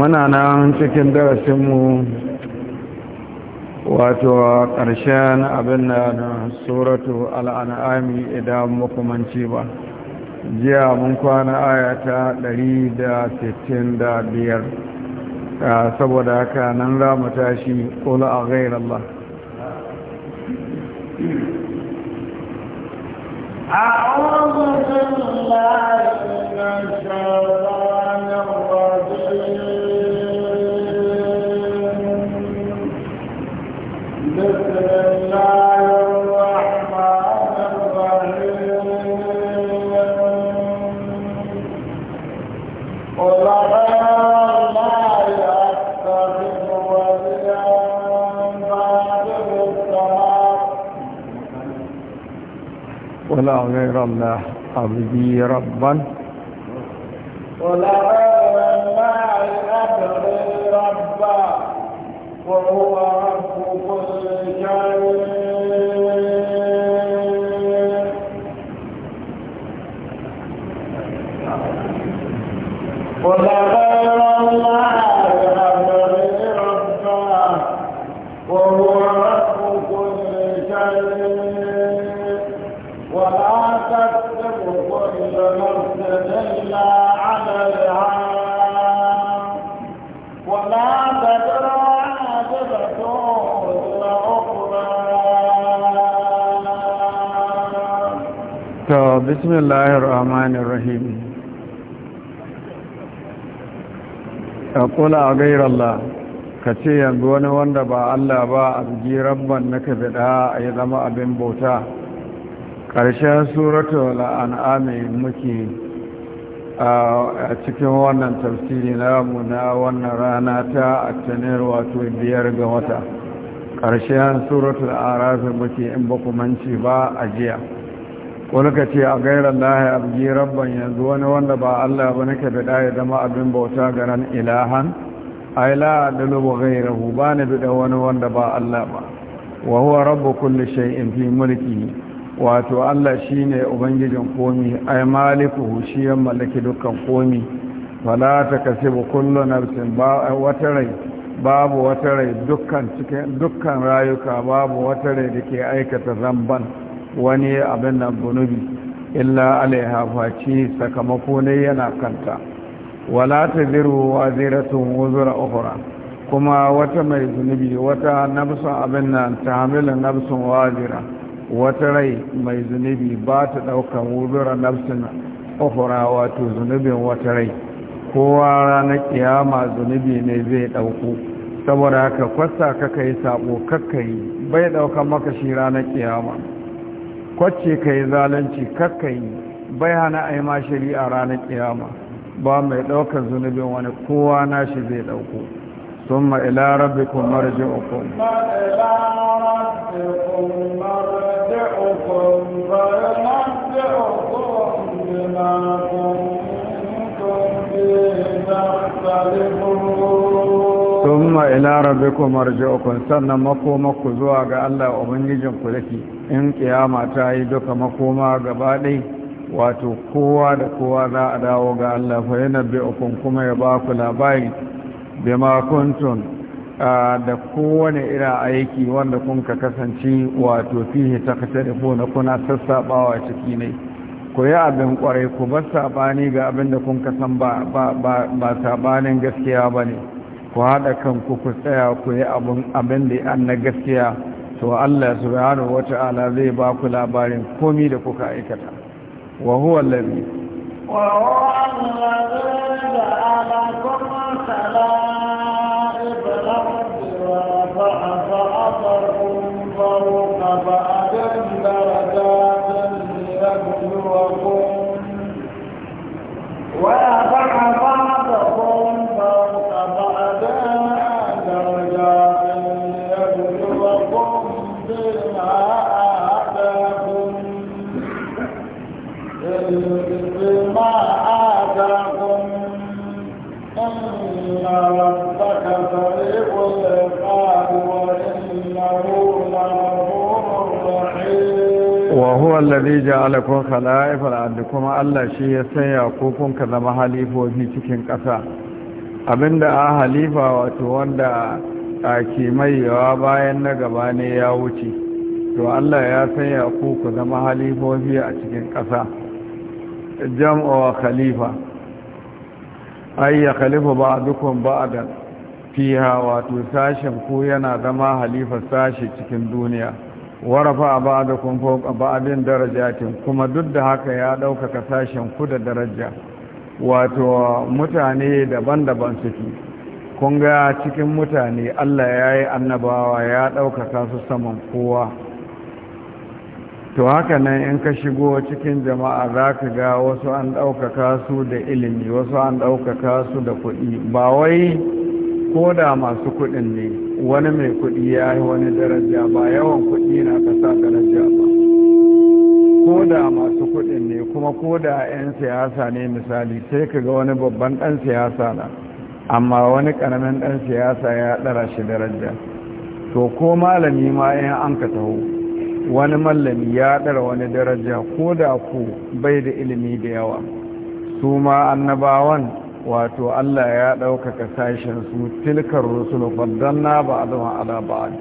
muna nan cikin darasinmu wato ƙarshen abin da na suratu al'an'ami idan makamanci ba jiya mun kwana ayata biyar ah, saboda haka nan za mu tashi ƙula a gairar الله غير الله أبدي ربا ولا غير الله أبدي ربا وهو رب كل شيء ولا بسم الله الرحمن الرحيم أقول أغير الله كتي يقول وندبا الله با أبجي ربا نكفدها أيضا أبن بوتاه ƙarshen suratul an'ami muke a cikin wannan tafsiri namu na wannan rana ta attanar wato biyar ga wata ƙarshen suratul arafi muke in ba ku ba a jiya wani ka ce a gairar lahi abgi rabban yanzu wani wanda ba allah ba nake da ya zama abin bauta ga ran ilahan ai la dalubu gairahu ba ni wani wanda ba allah ba wa huwa rabbu kulli shay'in fi mulki. wato Allah shi ne ubangijin komi ai maliku shi ya mallaki dukkan komi wala ta kasibu kullu nafsin wata rai babu wata rai dukkan rayuka babu wata rai da ke aikata zamban wani abin nan gunubi illa alaiha faci sakamako ne yana kanta wala ta ziru wa ziratun wuzura ukhra kuma wata mai zunubi wata nafsun abin nan ta hamilin nafsun wazira wata rai mai zunubi ba ta ɗaukan wuzura nafsin ofura wato zunubin wata rai kowa ranar kiyama zunubi ne zai ɗauku saboda haka kwasta kaka yi sabo kaka yi bai ɗaukan maka shi ranar kiyama kwacce ka yi zalunci kaka yi bai hana a yi ma shari'a ranar kiyama ba mai ɗaukan zunubin wani kowa nashi zai ɗauku ثم إلى ربكم مرجعكم إلى ربكم مرجعكم فينبئكم بما كنتم فيه تختلفون ثم إلى ربكم مرجعكم سنة مقومك زواج الله أبنجم كلكي إن قيامة تعيدك مقوما قبالي wato kowa da kowa za a dawo ga Allah fa yana bi'ukun kuma ya ba ku labari bima kuntum da kowane irin aiki wanda kun ka kasance wato fihi taktarifuna kuna sassaɓawa ciki ne ku yi abin kwarai ku ba sabani ga abin da kun ka san ba saɓanin sabanin gaskiya ne. ku haɗa kanku ku tsaya ku yi abin da an na gaskiya to Allah wata wata'ala zai ba ku labarin komi da kuka aikata wa huwa وهو الذي جعلكم خلائف الأرض ورفع بعضكم فوق بعض درجات ليبلوكم ورفع بعضكم فوق بعض آتاكم إن ربك سريع العقاب وإنه لغفور رحيم وهو الذي جعلكم خلائف الأرض كما الله شيء سيعقوكم كذا محاليف وفي cikin ƙasa abinda a halifa wato wanda a mai yawa bayan na gaba ne ya wuce to Allah ya sanya ku ku zama halifofi a cikin ƙasa jam'a khalifa ayya khalifa ba dukkan da fiha wato sashen ko yana zama halifa sashi cikin duniya warafa ba'dakum fawqa ba'din darajatin kuma duk da haka ya ɗaukaka sashen ku da daraja wato mutane daban-daban suke kun ga cikin mutane Allah ya yi annabawa ya ɗaukaka su saman kowa to haka nan in ka shigo cikin jama'a za ka ga wasu an ɗaukaka su da ilimi wasu an ɗaukaka su da kuɗi ba wai ko da masu kuɗin ne wani mai kuɗi ya yi wani daraja ba yawan kuɗi na ka sa daraja ba ko da masu kuɗin ne kuma ko da 'yan siyasa ne misali sai ka ga wani babban ɗan siyasa na amma wani ƙaramin ɗan siyasa ya ɗara shi daraja to ko malami ma 'yan an ka taho wani mallami ya ɗara wani daraja ko da ku bai da ilimi da yawa su ma annabawan wato Allah ya ɗaukaka sashen su tilkar rusul faddanna ba a zama ala ba'ad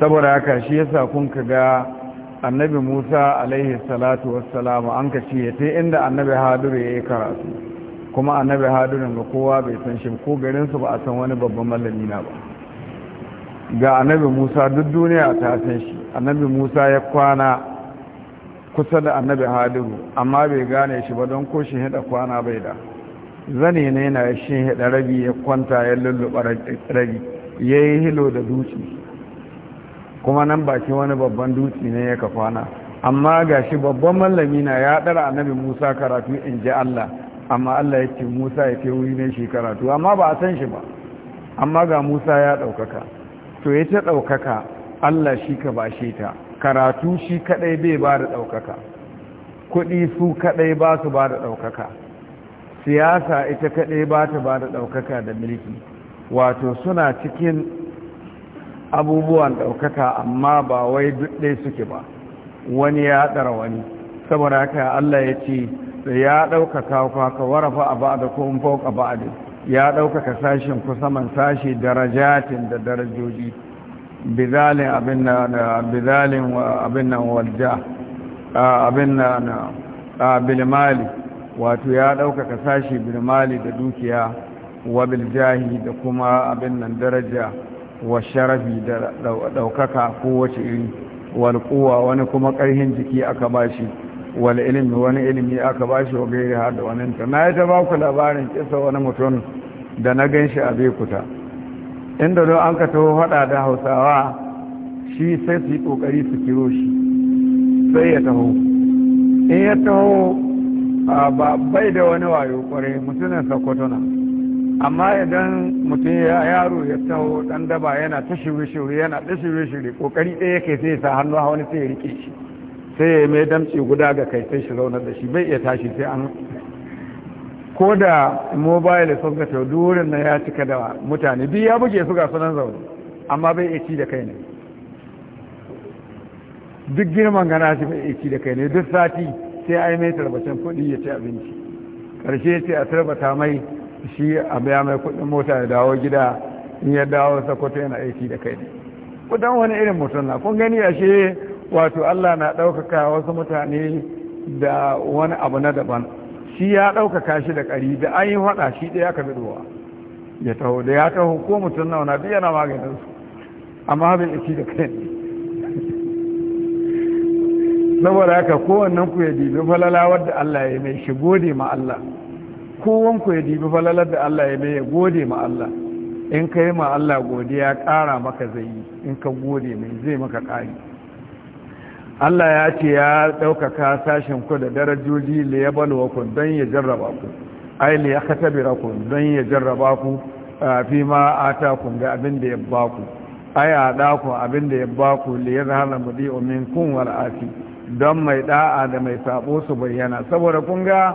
saboda haka shi yasa kun ka ga annabi Musa alaihi salatu wassalamu an ka ce ta inda annabi Hadiru yi karatu kuma annabi Hadirin ga kowa bai san shi ko garinsu ba a san wani babban mallami na ba ga annabi musa duk duniya ta san shi annabi musa ya kwana kusa da annabi Hadiru amma bai gane shi ba don ko shi hida kwana bai da zane ne na shi hida rabi ya kwanta ya lulluɓa rabi ya yi hilo da dutse kuma nan bakin wani babban dutse ne ya ka kwana amma ga shi babban mallami na ya ɗara annabi musa karatu in ji allah amma allah ya ce musa ya ce wuri ne shi karatu amma ba a san shi ba amma ga musa ya ɗaukaka to ya ta ɗaukaka Allah shi ka bashe ta karatu shi kaɗai bai ba da ɗaukaka kuɗi su kaɗai ba su ba da ɗaukaka siyasa ita kaɗai ba ta ba da ɗaukaka da mulki wato suna cikin abubuwan ɗaukaka amma ba wai duk suke ba wani ya ɗara wani saboda haka Allah ya ce ya ɗaukaka kwa ka warafa a ba da kuma fauka ba a ya ɗaukaka sashen ku saman sashi darajatin da darajoji bizalin abin nan walja abin nan bilmali wato ya ɗaukaka sashi bilmali da dukiya wa biljahi da kuma abin nan daraja wa sharafi da ɗaukaka kowace iri walƙuwa wani kuma ƙarhin jiki aka ba shi. wani ilmi wani ilimi aka bashi wa gairi har da wani ta na yi ta ba ku labarin kisa wani mutum da na gan shi a bekuta inda don an ka taho hada da hausawa shi sai su yi kokari su kiro shi sai ya taho in ya taho ba bai da wani wayo kwarai mutumin sakotuna amma idan mutum ya yaro ya taho dan daba yana ta shirye-shirye yana ta shirye-shirye kokari ɗaya kai sai sa hannu a wani sai ya rike shi sai ya mai damci guda ga kai sai shi raunar da shi bai iya tashi sai an ko da mobile sun ga taudurin na ya cika da mutane biyu ya buge su ga sunan zaune amma bai iya ci da kai ne duk girman gana shi bai iya ci da kai ne duk sati sai ai mai tarbacin kuɗi ya ci abinci ƙarshe ce a tarbata mai shi a biya mai kuɗin mota ya dawo gida in ya dawo sakwato yana aiki da kai ne kudan wani irin mutum na kun gani ashe wato Allah na ɗaukaka wasu mutane da wani abu na daban shi ya ɗaukaka shi da ƙari da an yi faɗa shi ɗaya ka bidowa ya taho da ya taho ko mutum na wana biyana maganin su amma bai ci da kai ne saboda haka kowannen ku ya dibi falala wadda Allah ya mai shi gode ma Allah kowan ku ya dibi falalar da Allah ya mai ya gode ma Allah in ka yi ma Allah godiya ƙara maka zai yi in ka gode mai zai maka ƙari Allah ya ce ya ɗaukaka sashen ku da darajoji da ya balwa ku don ya jarraba ku ai ne ya katabira ku don ya jarraba ku fi ma ata ku ga abin da ya ba ku ai a ɗaku ku abin da ya ba ku da ya zahara mudi omin kun wal'afi don mai ɗa'a da mai sabo su bayyana saboda kun ga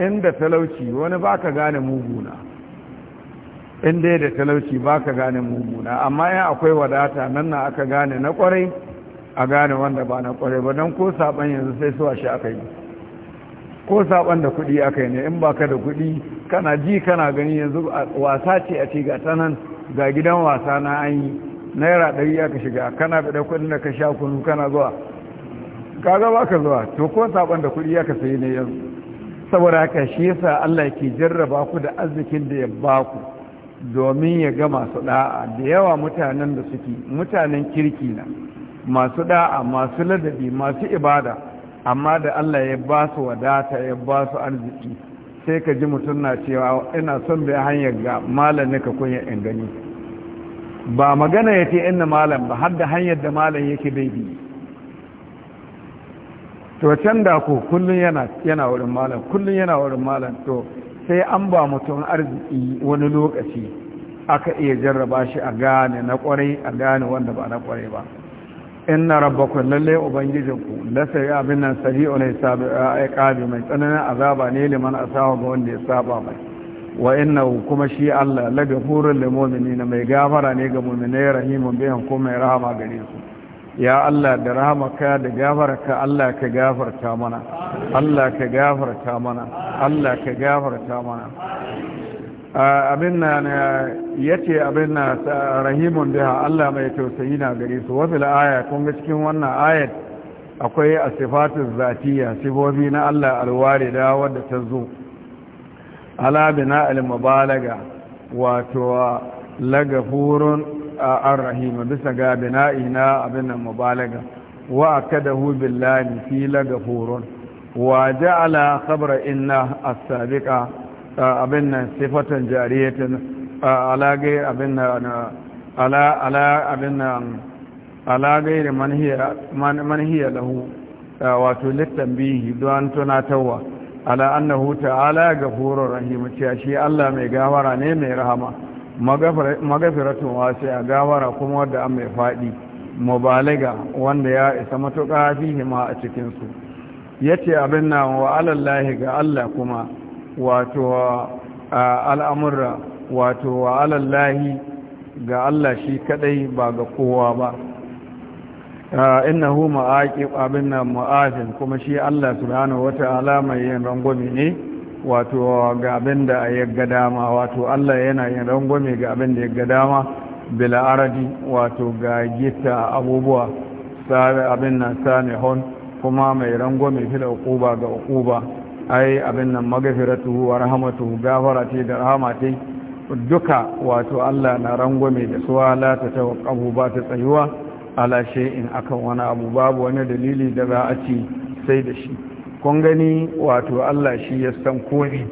inda talauci wani ba ka gane muguna inda da talauci ba ka gane muguna amma yan akwai wadata nan na aka gane na kwarai a gane wanda ba na kware ba don ko saban yanzu sai suwa shi aka yi ko saban da kuɗi aka yi ne in baka da kuɗi kana ji kana gani yanzu wasa ce a ce ta nan? ga gidan wasa na an yi naira ɗari aka shiga kana da kuɗin da ka sha kunu kana zuwa ka ga ba ka zuwa to ko saban da kuɗi aka sayi ne yanzu saboda haka shi yasa Allah ke jarraba ku da arzikin da ya ba ku domin ya ga masu da'a da yawa mutanen da suke mutanen kirki na masu da'a masu ladabi masu ibada amma da Allah ya ba su wadata ya ba su arziki sai ka ji mutum na cewa ina son bai hanyar ga malam ne ka kunya in gani ba magana ya ce inna malam ba har da hanyar da malam yake bai bi to can da ku kullum yana yana wurin malam kullum yana wurin malam to sai an ba mutum arziki wani lokaci aka iya jarraba shi a gane na kwarai a gane wanda ba na kwarai ba inna rabbakum lalle ubangijinku la sai abin nan sari'u ne sabi aiqabi mai tsananin azaba ne liman asawa ga wanda ya saba mai wa innahu kuma shi Allah hurin da lil na mai gafara ne ga mu'minai rahimun bihan kuma mai rahama gare su ya Allah da ka da gafarka Allah ka gafarta mana Allah ka gafarta mana Allah ka gafarta mana abin na ya ce abin na rahimun biha Allah mai tausayi na gari su wafi aya kun ga cikin wannan ayat akwai a sifatun zatiya sifofi na Allah alware da wadda ta zo ala bina al-mubalaga wato lagafurun ar-rahim bisa ga bina'i na abin nan mubalaga wa akadahu billahi fi lagafurun wa ja'ala khabra inna as-sabiqa abin nan sifatan jariyatin alage abin nan ala ala abin nan alage da manhiya lahu wato bihi don tunatarwa ala annahu ta'ala gafurur rahim cewa shi Allah mai gawara ne mai rahama magafiratun wasu a gawara kuma wadda an mai faɗi mubalaga wanda ya isa matuƙa ma a cikinsu ya ce abin nan wa alallahi ga Allah kuma wato al'amurra wato alallahi ga Allah shi kadai ba ga kowa ba innahu ma'aqib abin nan ma'azin kuma shi Allah subhanahu wata'ala mai yin rangwame ne wato ga abin da ya gadama wato Allah yana yin rangwame ga abin da ya ga dama aradi wato ga gita abubuwa sabe abin nan hon, kuma mai rangwame fil uquba ga uquba ai abin nan magafiratu wa rahmatuhu gafara da rahama ce duka wato Allah na rangwame da suwa la ta tawqabu ba ta tsayuwa ala in akan wani abu babu wani dalili da za a ci sai da shi kun gani wato Allah shi ya san komai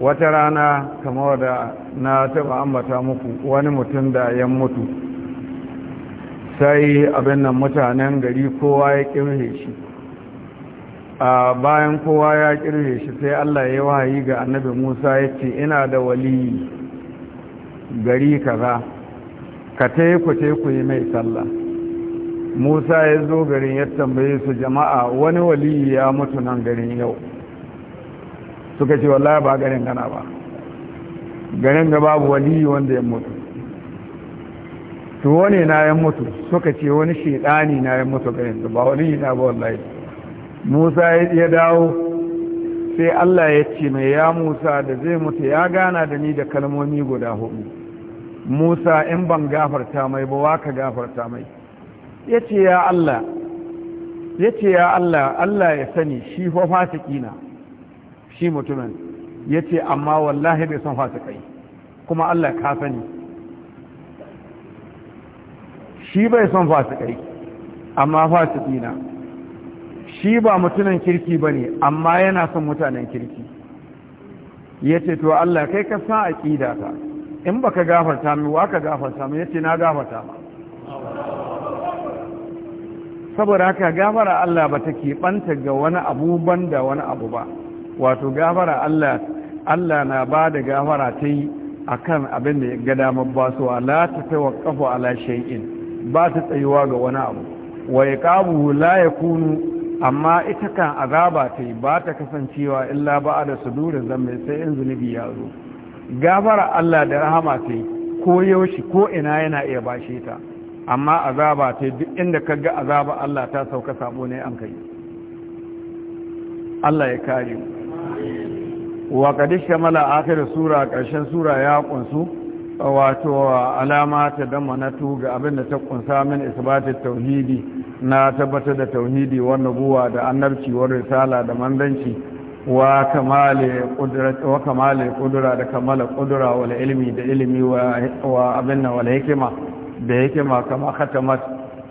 wata rana kamar da na taba ambata muku wani mutum da ya mutu sai abin nan mutanen gari kowa ya kirhe shi a bayan kowa ya kirhe shi sai Allah ya wahayi ga annabi Musa ya ce ina da wali gari kaza ka ta ku ta ku yi mai sallah Musa ya zo garin ya tambaye su jama'a wani wali ya mutu nan garin yau suka ce wallahi ba garin gana ba garin ga babu wali wanda ya mutu to wani na ya mutu suka ce wani shedani na ya mutu garin ba wali na ba wallahi musa ya dawo sai allah ya ce mai ya musa da zai mutu ya gana da ni da kalmomi guda hudu musa in ban gafarta mai ba waka gafarta mai ya ce ya allah ya ce ya allah allah ya sani shi fa fasiki na shi mutumin ya ce amma wallahi bai son fasikai kuma allah ka sani shi bai son fasikai amma fasiki na shi ba mutunan kirki ba ne amma yana son mutanen kirki ya ce to Allah kai ka sa a ƙida ta in ba ka gafarta mai wa ka gafarta mai ya ce na gafarta ma saboda haka gafara Allah ba ta keɓanta ga wani ban da wani abu ba wato gafara Allah Allah na ba da gafara ta yi a kan abin da ya ga damar basuwa la ta tawaqqafu ala shay'in ba ta tsayuwa ga wani abu wa yaqabu la kunu? amma ita kan azaba ta yi ba ta kasancewa illa ba da sudurin zambe sai in zunubi ya zo gafara Allah da rahama ta ko yaushe ko ina yana iya bashe ta amma azaba ta duk inda ka ga azaba Allah ta sauka sabo ne an kai Allah ya kare mu wa kadi shamala akhir sura karshen sura ya kunsu wato alama ta damana tu ga abinda ta kunsa min isbatit tauhidi na tabbatar da tauhidi wa nubuwa da annabci wa risala da mandanci wa kamale kudura da kamala kudura wal ilmi da ilmi wa abin nan wal hikima da hikima kama khatamat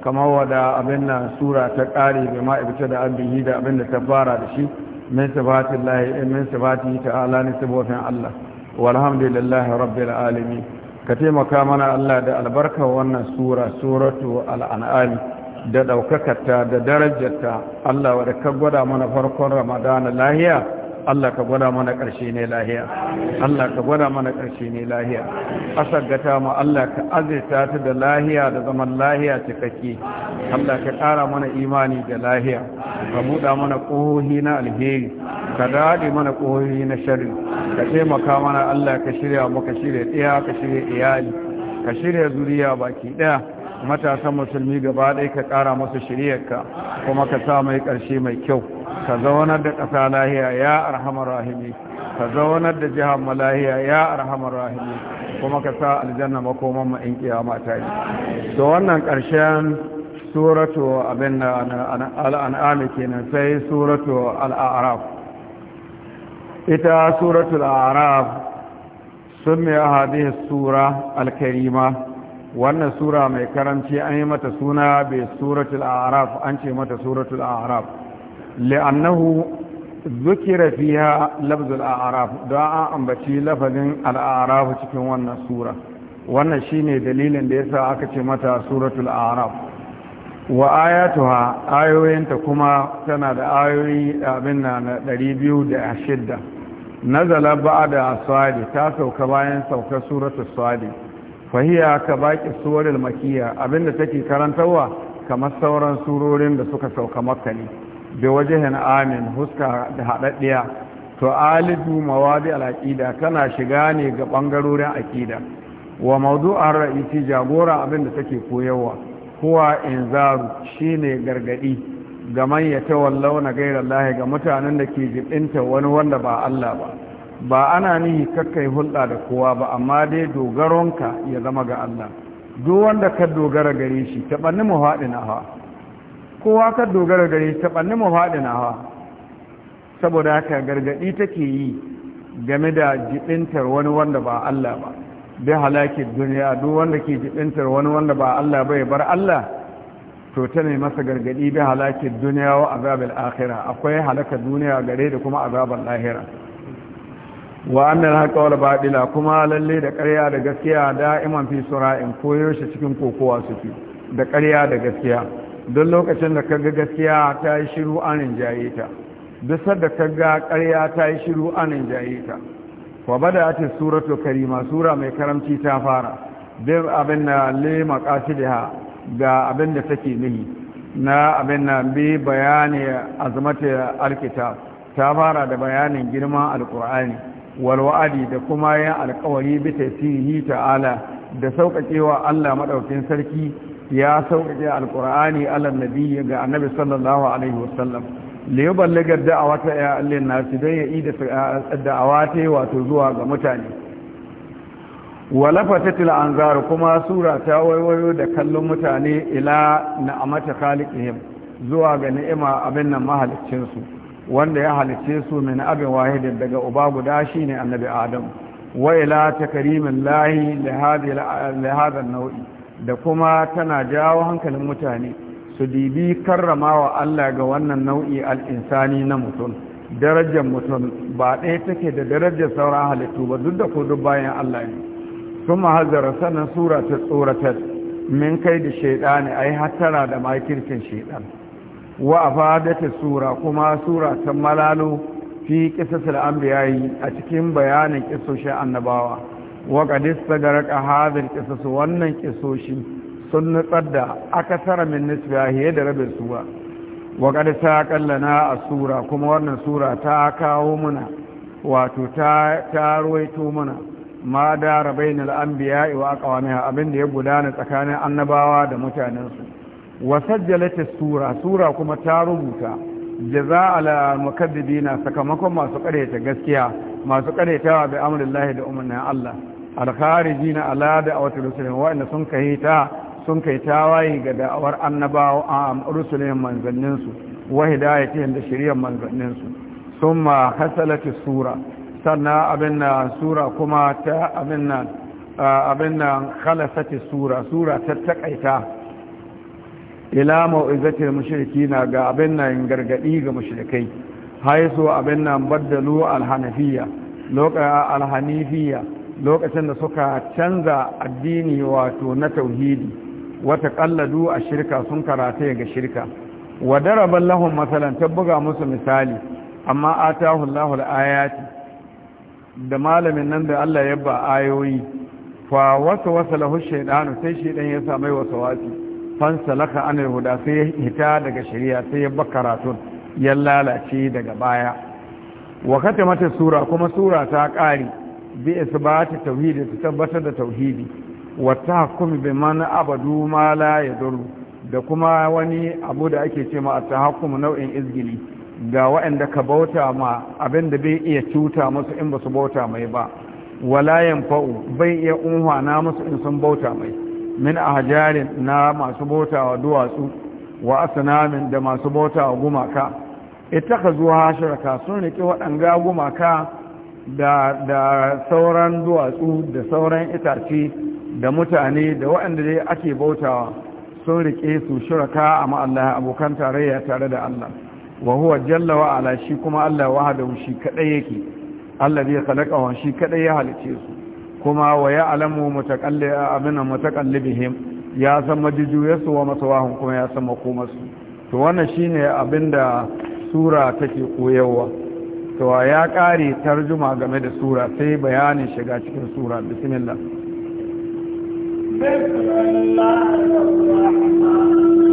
kama wada abin nan sura ta kare bai ma ibta da abihi da abin da ta fara da shi min sifatin lahi eh, min sifati ta'ala ni sifofin Allah walhamdulillahi rabbil alamin ka taimaka mana Allah da albarka wannan sura suratu al-an'am da ɗaukakarta da darajarta Allah wadda ka gwada mana farkon ramadana lahiya Allah ka gwada mana ƙarshe ne lahiya Allah ka gwada mana ƙarshe ne lahiya asagata ma Allah ka azirta ta da lahiya da zaman lahiya cikakke Allah ka ƙara mana imani da lahiya ka buɗa mana ƙohohi na alheri ka daɗe mana ƙohohi na shari ka taimaka mana Allah ka shirya muka shirya ɗaya ka shirya iyali ka shirya zuriya baki ɗaya matasan musulmi gaba ɗaya ka ƙara musu shiryarka kuma ka sa mai ƙarshe mai kyau ka zaunar da ƙasa lahiya ya arhamar rahimi ka zaunar da jihar malahiya ya arhamar rahimi kuma ka sa aljanna makoman mu in kiyama ta yi to wannan ƙarshen suratu abin da kenan sai suratu al'araf ita suratu al'araf sun mai hadis sura alkarima wannan sura mai karanci an yi mata suna bai suratul araf an ce mata suratul araf li'annahu zukira fiha lafzul araf don an ambaci lafazin al'arafu cikin wannan sura wannan shine dalilin da yasa aka ce mata suratul araf wa ayatuha ayoyinta kuma tana da ayoyi abin na 206 nazala ba'da sadi ta sauka bayan sauka suratul sadi fahiya ka baƙi suwarin makiya abinda take karantarwa kamar sauran surorin da suka sauka makani, ne da wajen amin huska da haɗaɗɗiya to alidu mawadi al'aƙida kana shiga ne ga ɓangarorin aƙida wa mawdu'ar ra'isi jagora abinda take koyarwa huwa inzaru shine gargadi ga man ya tawallau na gairar lahi ga mutanen da ke jibinta wani wanda ba Allah ba ba ana nihi kakkai hulɗa da kowa ba amma dai dogaronka ya zama ga Allah duk wanda ka dogara gare shi taɓanni mu faɗi na hawa kowa ka dogara gare shi taɓanni mu faɗi na hawa saboda haka gargaɗi take yi game da jiɗintar wani wanda ba Allah ba bi halaki duniya duk wanda ke jiɗintar wani wanda ba Allah ba ya bar Allah to ta ne masa gargaɗi bi halaki duniya wa azabil akhira akwai halaka duniya gare da kuma azabar lahira wa annal haqa wal kuma lalle da ƙarya da gaskiya da'iman fi sura'in koyo shi cikin kokowa suke da ƙarya da gaskiya don lokacin da kaga gaskiya ta yi shiru an jayeta, ta duk sadda kaga ƙarya ta yi shiru an rinjaye ta wa bada'atis suratu karima sura mai karamci ta fara bin abin le ga abin take nihi na abin bi bayani azmata alkitab ta fara da bayanin girman alqur'ani walwa'adi da kuma yin alkawari bisa tasirihi ta'ala da sauƙaƙewa Allah maɗaukin sarki ya sauƙaƙe alƙur'ani alal nabi ga annabi sallallahu alaihi wasallam da'awa ta ya allin nasu don ya ida da'awata wato zuwa ga mutane walafatatul anzar kuma sura ta waiwayo da kallon mutane ila na'amata khaliqihim zuwa ga ni'ima abin nan wanda ya halicce su min abin wahidin daga uba guda shine annabi adam wa ila takrimin lahi nau'i da kuma tana jawo hankalin mutane su dibi wa Allah ga wannan nau'i al'insani na mutum darajar mutum ba ɗaya take da darajar sauran halittu ba duk da kudu bayan Allah ne sun mahazara sannan sura ta tsoratar min kai da shaidani yi hattara da makirkin shaidani wa afadata sura kuma sura ta malalo fi an anbiya'i a cikin bayanin kisoshin annabawa wa qad ka hadin kisasu wannan kisoshi sun nutsar da "Aka tara min nisbiya da rabin suwa wa ta kallana a sura kuma wannan sura ta kawo muna wato ta ta ruwaito muna ma da rabainal anbiya'i wa aqwamiha abinda ya gudana tsakanin annabawa da mutanensu wa sajjalata sura sura kuma ta rubuta jaza ala mukaddibina sakamakon masu karyata gaskiya masu karyatawa bi amrillahi da umarnin Allah alkharijina ala da'awati rusulin wa'anda sun kai ta sun ga da'awar annabawa a rusulin manzannin su wa hidayatihim da shari'ar manzannin su summa hasalati sura sannan abin na sura kuma ta abin nan khalasati sura sura ta takaita ila mau'izatil mushrikina ga abin nan gargadi ga mushrikai haisu abin nan baddalu alhanafiya alhanifiya lokacin da suka canza addini wato na tauhidi wata kalladu a shirka sun karata ga shirka wa daraban lahum masalan buga musu misali amma atahu Allahul ayati da malamin nan da Allah ya ba ayoyi fa wasa wasa lahu sai shaydan ya samai wasu wasi fansalaka ana huda sai ya hita daga shari'a sai ya bar karatun ya lalace daga baya wa mata sura kuma sura ta ƙari bi isbati tauhidi ta tabbatar da tauhidi wa tahkum bi man abadu ma la yadurru da kuma wani abu da ake ce ma at-tahakkum nau'in izgili ga waanda ka bauta ma abin da bai iya cuta musu in basu bauta mai ba wala yanfa'u bai iya unhwana musu in sun bauta mai min ahjarin na masu bautawa duwatsu wa asnamin da masu bautawa gumaka ita ka zuwa shirka sun rike waɗanga gumaka da sauran duwatsu da sauran itace da mutane da waɗanda dai ake bautawa sun rike su shirka amma Allah abokan tarayya tare da Allah wa huwa jalla wa ala shi kuma Allah wahdahu shi kadai yake Allah zai khalaqa wa shi kadai ya halice su kuma wa alamu mutaqalli abin ya san majujuyarsu wa masawahum kuma ya san makomarsu to wannan shine da sura take koyarwa to ya kare tarjuma game da sura sai bayanin shiga cikin sura bismillah بسم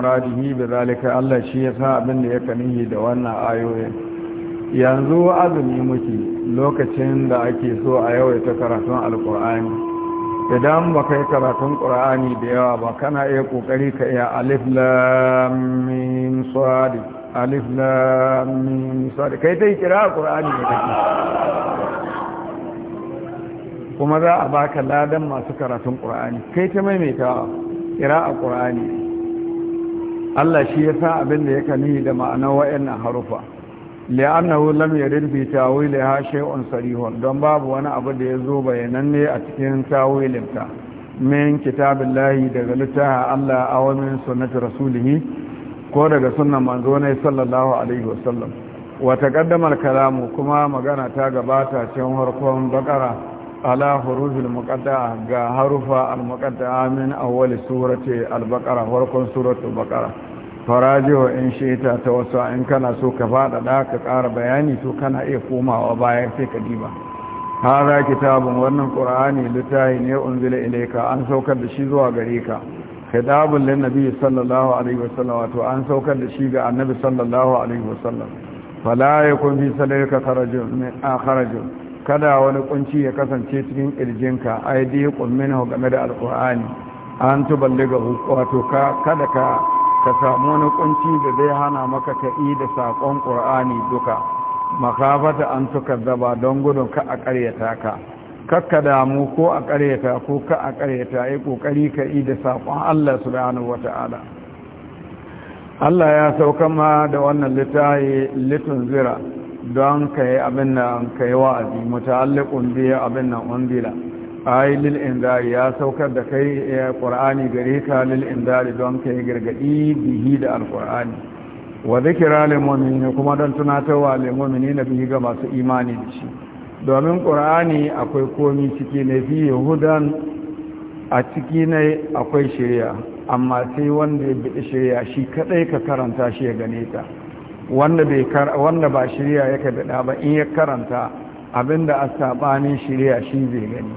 muradihi bi zalika Allah shi ya abin da ya kanihi da wannan ayoyin yanzu azumi muke lokacin da ake so a yawaita karatun alkur'ani idan ba kai karatun qur'ani da yawa ba kana iya kokari ka iya alif lam mim sad alif kuma za a baka ladan masu karatun qur'ani kai ta maimaita kira a qur'ani Allah shi ya sa abin da yake nihi da ma'anar wayannan harufa li'annahu lam yarid bi tawiliha shay'un sarihun don babu wani abu da ya yazo bayananne a cikin tawilinta min kitabillahi daga littafin Allah aw min sunnati rasulih ko daga sunnan manzo ne sallallahu alaihi wasallam wa taqaddama al-kalamu kuma magana ta gabata cikin harkon bakara ala hurufil muqaddaa ga harufa al muqaddaa min awwal surati al baqara farkon al baqara farajiwa in shita ta wasu in kana so ka da ka ƙara bayani to kana iya komawa baya sai ka diba hada kitabun wannan qur'ani litahi ne unzila ilayka an saukar da shi zuwa gare ka kitabun lin nabi sallallahu alaihi wasallam to an saukar da shi ga annabi sallallahu alaihi wasallam fala yakun fi salayka kharajun min akharajun kada wani kunci ya kasance cikin ƙirjinka ai dai hau game da alƙur'ani an tuballiga wato ka kada ka ka samu wani kunci da zai hana maka ka yi da saƙon ƙur'ani duka makafata an zaba don gudun ka a ƙaryata ka kakka damu ko a ƙaryata ko ka a ƙaryata yi ƙoƙari ka yi da saƙon Allah subhanahu wata'ala Allah ya sauka ma da wannan littafi litun zira don ka yi abin da ka yi wa'azi mutallikun biya abin nan a yi lil indari ya saukar da kai ya eh, qur'ani gare ka lil don ka yi gargadi bihi da alqur'ani wa zaki lil ya kuma don tunatarwa lil na bihi ga masu imani da shi domin ƙur'ani, akwai komi ciki na biyu yahudan a ciki ne akwai shirya, amma sai wanda ya bi shirya shi kadai ka karanta shi ya gane ta wanda ba shirya ya daɗa ba in ya karanta abinda a saɓanin shirya shi zai gani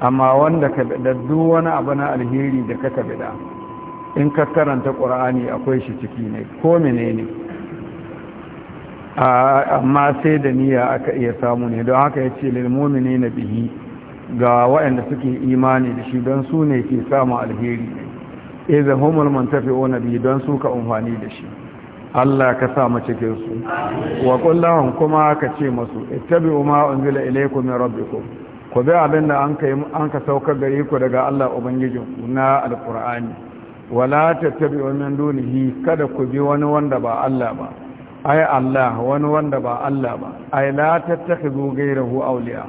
amma wanda ka daɗa duk wani abu na alheri da ka bida in ka karanta ƙur'ani akwai shi ciki ne ko ne. amma sai da niyya aka iya samu ne don haka ya ce lilmomi ne na bihi ga waɗanda suke imani da shi don su ne ke samun alheri ne iza homar 'O na bihi don su ka umfani da shi Allah ka sa mu cikin su wa kullahum kuma ka ce masu, ittabi'u ma unzila ilaykum min rabbikum ku bi abin da an kai an ka sauka gare ku daga Allah ubangijin na alqur'ani wala tattabi'u min dunihi kada ku bi wani wanda ba Allah ba ai Allah wani wanda ba Allah ba ai la tattakhidhu ghayrahu awliya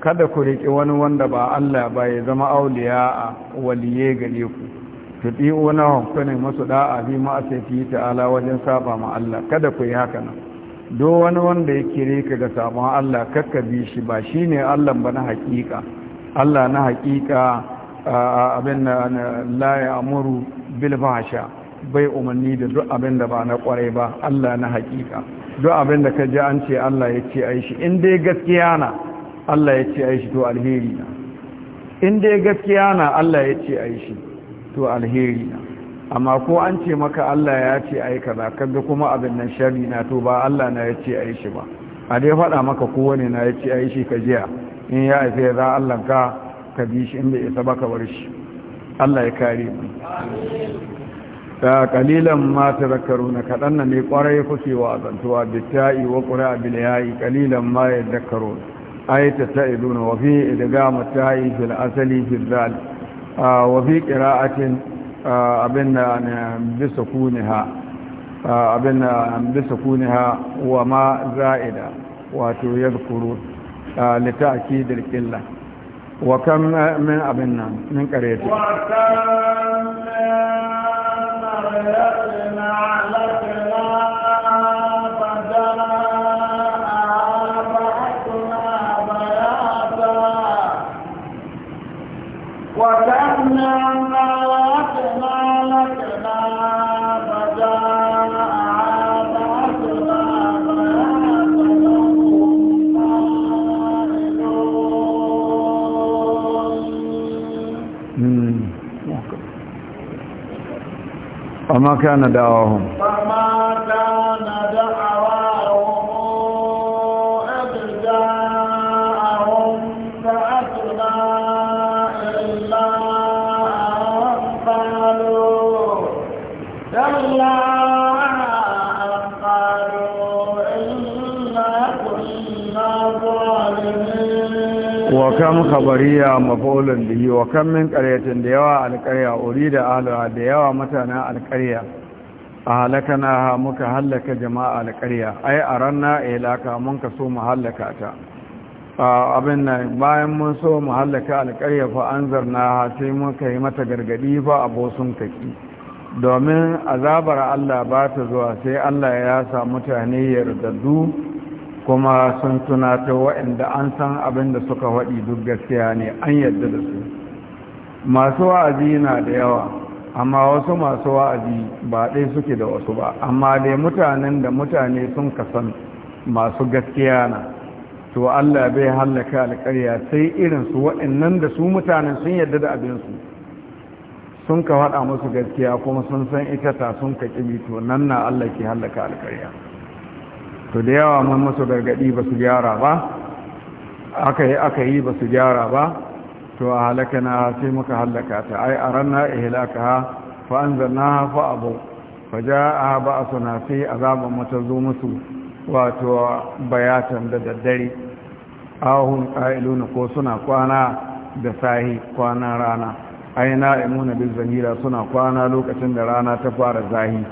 kada ku riki wani wanda ba Allah ba ya zama awliya waliye gare ku tuti'una ku ne masu da'a bi ma yi ta'ala wajen saba ma Allah kada ku yi haka nan do wani wanda ya kire ka ga sabo Allah kakka bi shi ba shine Allah ba na haƙiƙa. Allah na hakika abin da la amuru bil fahsha bai umarni da duk abin da ba na kwarai ba Allah na haƙiƙa duk abin da ka ji an ce Allah ya ce ai shi in dai gaskiya na Allah ya ce ai shi to alheri na in dai gaskiya na Allah ya ce ai shi to alheri na amma ko an ce maka Allah ya ce ai kaza kaga kuma abin nan sharri na to ba Allah na ya ce ai shi ba a dai faɗa maka kowane na ya ce ai shi ka jiya in ya haife za Allah ka ka bi shi inda isa baka bar shi Allah ya kare mu ta kalilan ma kaɗan kadan ne kwarai kuke wa azantuwa bitai wa qura bil yayi kalilan ma yadhakkarun ayata ta'iduna wa fi idgam ta'i fil asali fil zal wa fi qira'atin abin da bisa ha abin da bisa ha wa ma za'ida wato yadhkuru لتأكيد القلة وكم من أبنا min قريته وكم من قريتنا على وما كان دعواهم kam khabariya da bihi wa kam min qaryatin da yawa alqarya urida ala da yawa matana alqarya na ha muka halaka jama'a alƙarya. ai aranna ilaka mun ka so mu halaka ta abin nan bayan mun so mu halaka alqarya fa anzarna ha sai mun yi mata gargadi fa abosun kaki domin azabar Allah ba ta zuwa sai Allah ya sa mutane yardadu kuma sun tunatar waɗanda an san abin da suka faɗi duk gaskiya ne an yadda da su masu wa'azi na da yawa amma wasu masu wa'azi ba ɗai suke da wasu ba amma dai mutanen da mutane sun kasan masu gaskiya na to Allah bai hallaka alƙarya sai irinsu waɗannan da su mutanen sun yadda da abinsu sun ka waɗa musu gaskiya kuma sun san ita ta sun ka ƙibi to nan na Allah ke hallaka alƙarya to da yawa mun musu gargadi ba su gyara ba aka yi aka ba su gyara ba to a halaka na sai muka halaka ta ai a ranar ihilaka ha fa an zanna fa abu fa ja a ba a suna sai azaban mata zo musu wato bayatan da daddare ahun ƙa'iluna ko suna kwana da sahi kwana rana ai na imuna bil zahira suna kwana lokacin da rana ta fara zahi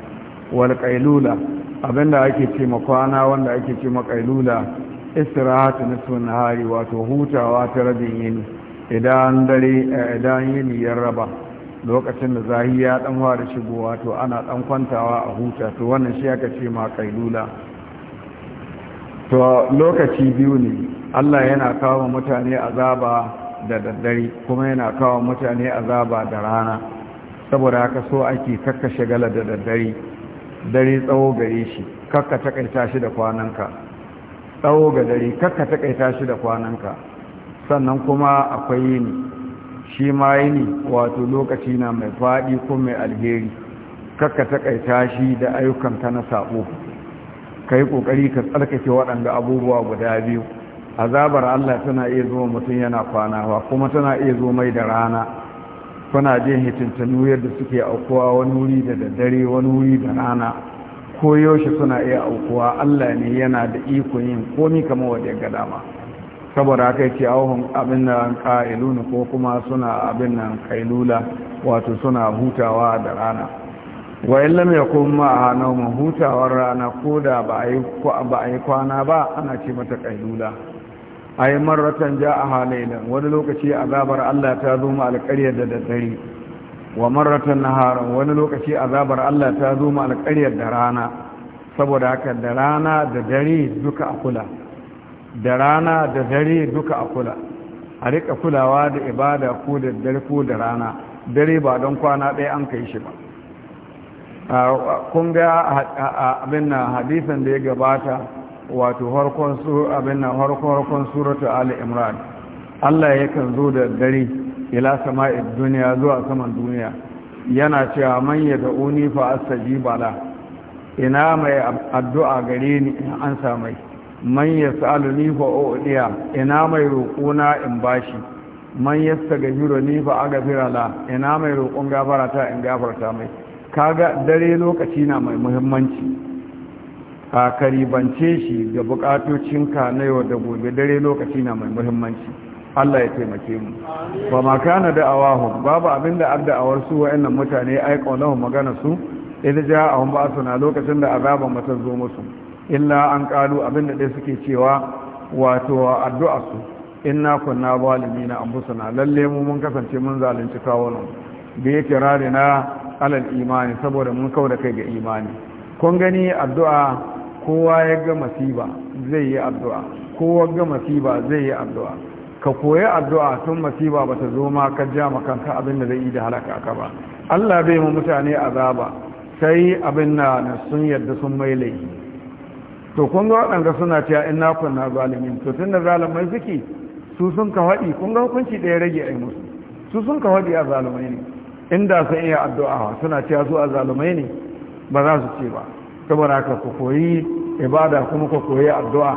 wal qailula abinda ake ce ma kwana wanda ake ce ma kailula istirahatu nisfu nahari wato hutawa ta rabin yini idan dare eh, idan yini ya raba lokacin da zahi ya dan fara shigowa to ana dan kwantawa a huta to wannan shi aka ce ma kailula to lokaci biyu ne Allah yana kawo mutane azaba da daddare kuma yana kawo mutane azaba da rana saboda haka so ake kakkashe gala da daddare dare tsawo gare shi kakka takaita shi da kwananka tsawo ga dare kakka takaita shi da kwananka sannan kuma akwai yini shi ma yini wato lokaci na mai faɗi ko mai alheri kakka takaita shi da ayyukanka na sabo ka yi ƙoƙari ka tsarkake waɗanda abubuwa guda biyu azabar Allah tana iya zuwa mutum yana kwanawa kuma tana iya zo mai da rana kuna jin hitintanu yadda suke aukuwa wani wuri da daddare wani wuri da rana ko yaushe suna iya aukuwa Allah ne yana da iko yin komi kamar wanda ya dama saboda haka ce auhun abin da an nan ne ko kuma suna abin nan kailula wato suna hutawa da rana wa ya lam yakun ma hutawar rana ko da ba a yi kwana ba ana ce mata kailula ai marratan a halailan wani lokaci azabar Allah ta zo ma alƙaryar da daddare wa marratan naharan wani lokaci azabar Allah ta zo ma alƙaryar da rana saboda haka da rana da dare duka a kula da rana da dare duka a kula a rika kulawa da ibada ko da dare ko da rana dare ba don kwana ɗaya an kai shi ba kun ga abin na hadisan da ya gabata wato harkon su abin nan harkon suratu ali imran Allah ya kan zo da dare ila sama'id duniya zuwa saman duniya yana cewa man ya uni fa astajiba bala ina mai addu'a gare ni in an samai man ni fa u'diya ina mai roƙona in bashi man yastaghfiru ni fa aghfira la ina mai roƙon gafara ta in gafarta mai kaga dare lokaci na mai muhimmanci a karibance shi da bukatocinka na yau da gobe dare lokaci na mai muhimmanci Allah ya taimake mu ba ma kana awahu babu abin abinda adda'awar su wayannan mutane ai kaunahu magana su idan ja a ba na lokacin da azaban mata zo musu illa an kalu abinda da suke cewa wato addu'a su inna kunna zalimina anfusana lalle mu mun kasance mun zalunci kawunan bi na alal imani saboda mun kauda kai ga imani kun gani addu'a kowa ya ga masiba zai yi addu'a kowa ga masiba zai yi addu'a ka koyi addu'a tun masiba ba ta zo ma ka ja kanka abin da zai yi da halaka ka ba Allah bai mu mutane azaba sai abin na sun yadda sun mai laifi to kun ga waɗanda suna cewa in na kunna zalimin to tun da zalimai suke su sun ka faɗi kun ga hukunci ɗaya rage a musu su sun ka faɗi a zalimai ne inda sun iya addu'a suna cewa su a ne ba za su ce ba saboda ka ku koyi ibada kuma ku koyi addu'a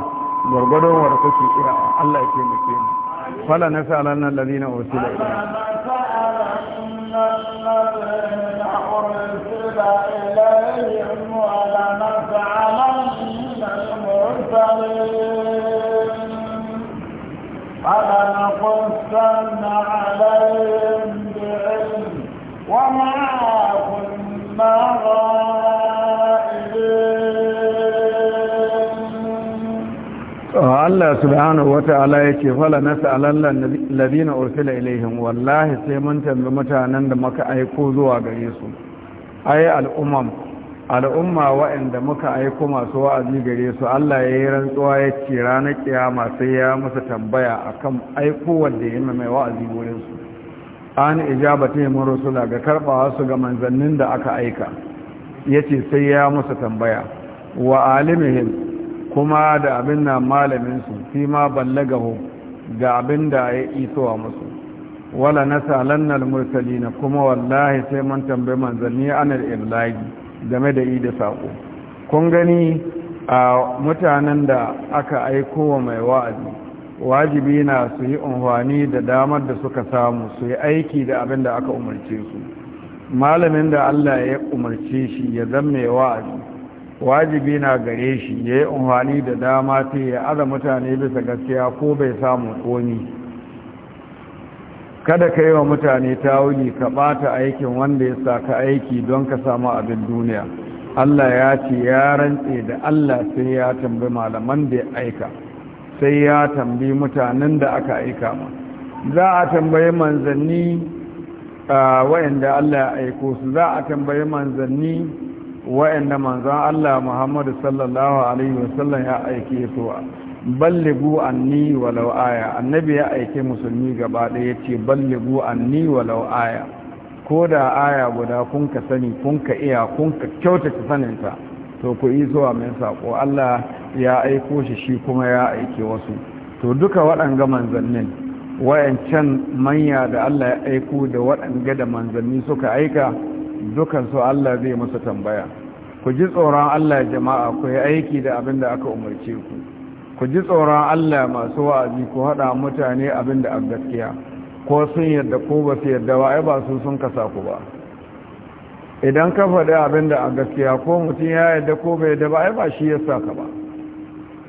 gwargwadon wanda kuke iya Allah ya taimake mu fala na sa nan lalina wasila ilayhim wala nas'alanna al-mursalin فلنقصن عليهم بعلم وما كنا غائبين Allah subhanahu wa ta'ala ya ce fala na sa'alallan labina ursila ilaihim wallahi sai mun tambi mutanen da muka aiko zuwa gare su ai al'umma al'umma waɗanda muka aiko masu wa'azi gare su Allah ya yi rantsuwa ya ce ranar kiyama sai ya musu tambaya akan aiko wanda ya mai wa'azi wurin su an ijabata mun rusula ga karbawa su ga manzannin da aka aika yace sai ya musu tambaya wa alimihim kuma da abin na malaminsu fi ma ballagahu ga abin da ya a musu wala na salannar mursalina kuma wallahi sai mun tambayi manzanni anar irlagi game da ida saƙo kun gani a mutanen da aka aiko wa mai wa'azi wajibi na su yi unhwani da damar da suka samu su yi aiki da abin da aka umarce su malamin da allah ya umarce shi ya zama mai wa'azi wajibi na gare shi ya yi unhani da dama ta ya aza mutane bisa gaskiya ko bai samu komi kada ka yi wa mutane ta wuli ka bata aikin wanda ya ka aiki don ka samu abin duniya allah ya ce ya rantse da allah sai ya tambi malaman da ya aika sai ya tambi mutanen da aka aika ma za a tambayi manzanni wayanda allah ya aiko su za a tambayi manzanni wa'anda manzon Allah Muhammadu sallallahu alaihi wasallam ya aike to ballegu anni walau aya annabi ya aike musulmi gaba ɗaya yace balligu anni walau aya ko da aya guda kun ka sani kun ka iya kun ka kyautata saninta to ku yi zuwa min sako Allah ya aiko shi shi kuma ya aike wasu to duka waɗanga manzannin wayancan manya da Allah ya aiko da waɗanga da manzanni suka aika dukansu Allah zai musu tambaya ku ji tsoron Allah jama'a ku yi aiki da abin da aka umarce ku ku ji tsoron Allah masu wa'azi ku haɗa mutane abin da a gaskiya ko sun yadda ko ba su yadda ba ai ba su sun kasa ku ba idan ka faɗi abin da a gaskiya ko mutum ya yadda ko bai yadda ba ai ba shi ya saka ba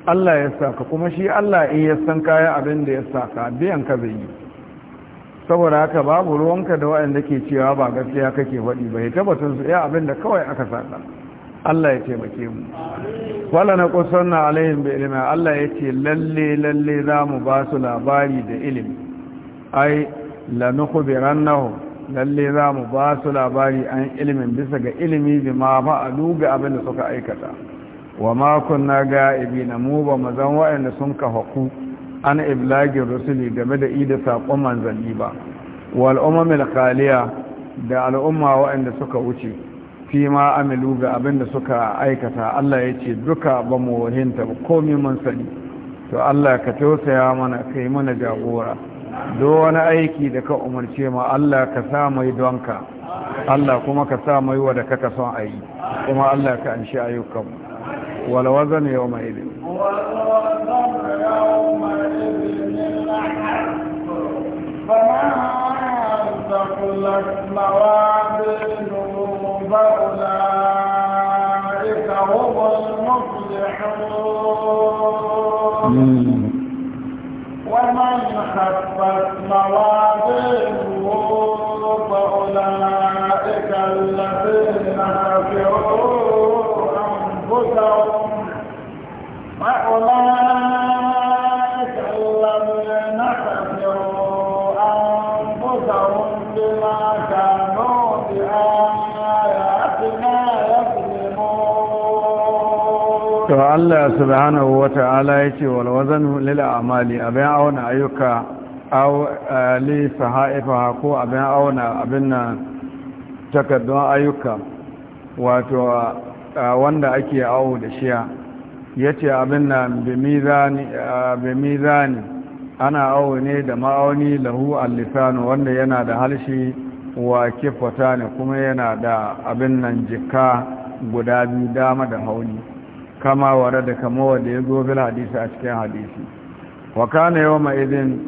Allah ya saka kuma shi Allah in ya san kayan abin da ya saka biyan ka zai yi saboda haka babu ruwanka da waɗanda ke cewa ba gaskiya kake faɗi ba ya tabbatar su ya abin kawai aka saɗa Allah ya taimake mu wala na kusan na alayhim bi ilmi Allah ya ce lalle lalle za mu ba su labari da ilimi ai la nukhbirannahu lalle za mu ba su labari an ilimin bisa ga ilimi bi ma fa'alu ga abin da suka aikata wa ma kunna ga'ibina mu ba mazan waɗanda sun kafa ku an iblagin rusuli game da ida saƙon manzanni ba wa al'ummar khaliya da al'umma waɗanda suka wuce fi ma amilu ga abin da suka aikata Allah ya ce duka ba mu wahinta ba komi mun sani to Allah ka tausaya mana ka yi mana jagora do wani aiki da ka umarce ma Allah ka sa mai donka Allah kuma ka sa mai wa da kaka son a yi kuma Allah ka anshi ayyukanmu walwazan yau yawma ilimi فما ثقلت موازينه فأولئك هم المفلحون ومن خفت موازينه فأولئك الذين خسروا أنفسهم وأولئك لهم بما كانوا بآياتنا يظلمون to Allah subhanahu wa ta'ala yace wal wazanu lil a'mali abin auna ayyuka aw eh, li sahaifa ko abin auna abin nan takaddun ayyuka wato eh, wanda ake awo da shiya yace abin nan bi mizani eh, bi mizani ana awo ne da ma'auni lahu al-lisanu wanda yana da halshi wa kifata ne kuma yana da abin nan jika guda biyu dama da hauni kama ware da kama wanda ya zo bil hadisi a cikin hadisi wa kana yawma idin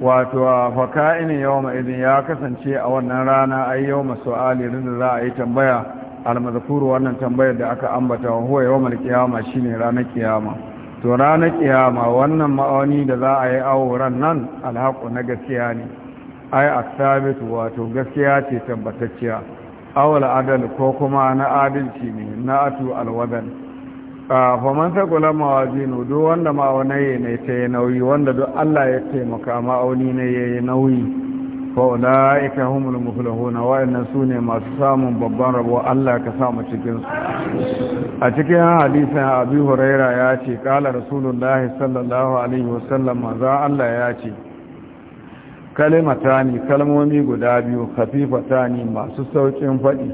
wato fa ka'ina yawma idin ya kasance a wannan rana ay yawma su'ali da za a yi tambaya al-mazkuru wannan tambayar da aka ambata wa huwa yawmal qiyama shine ranar kiyama to ranar kiyama wannan ma'auni da za a yi auren nan alhaku na gaskiya ne ai aksabitu wato gaskiya ce tabbatacciya awal adal ko kuma na adalci ne na atu alwadan faman sakula mawazinu duk wanda ma'aunai ne ta yi nauyi wanda duk allah ya taimaka ma'auni ne ya yi nauyi fa'ula'ika humul muflahuna wa'annan su ne masu samun babban rabo Allah ka samu cikin a cikin hadisin abu huraira ya ce kala rasulullahi sallallahu alaihi wasallam maza Allah ya ce kalimata ne kalmomi guda biyu kafifata ne masu saukin faɗi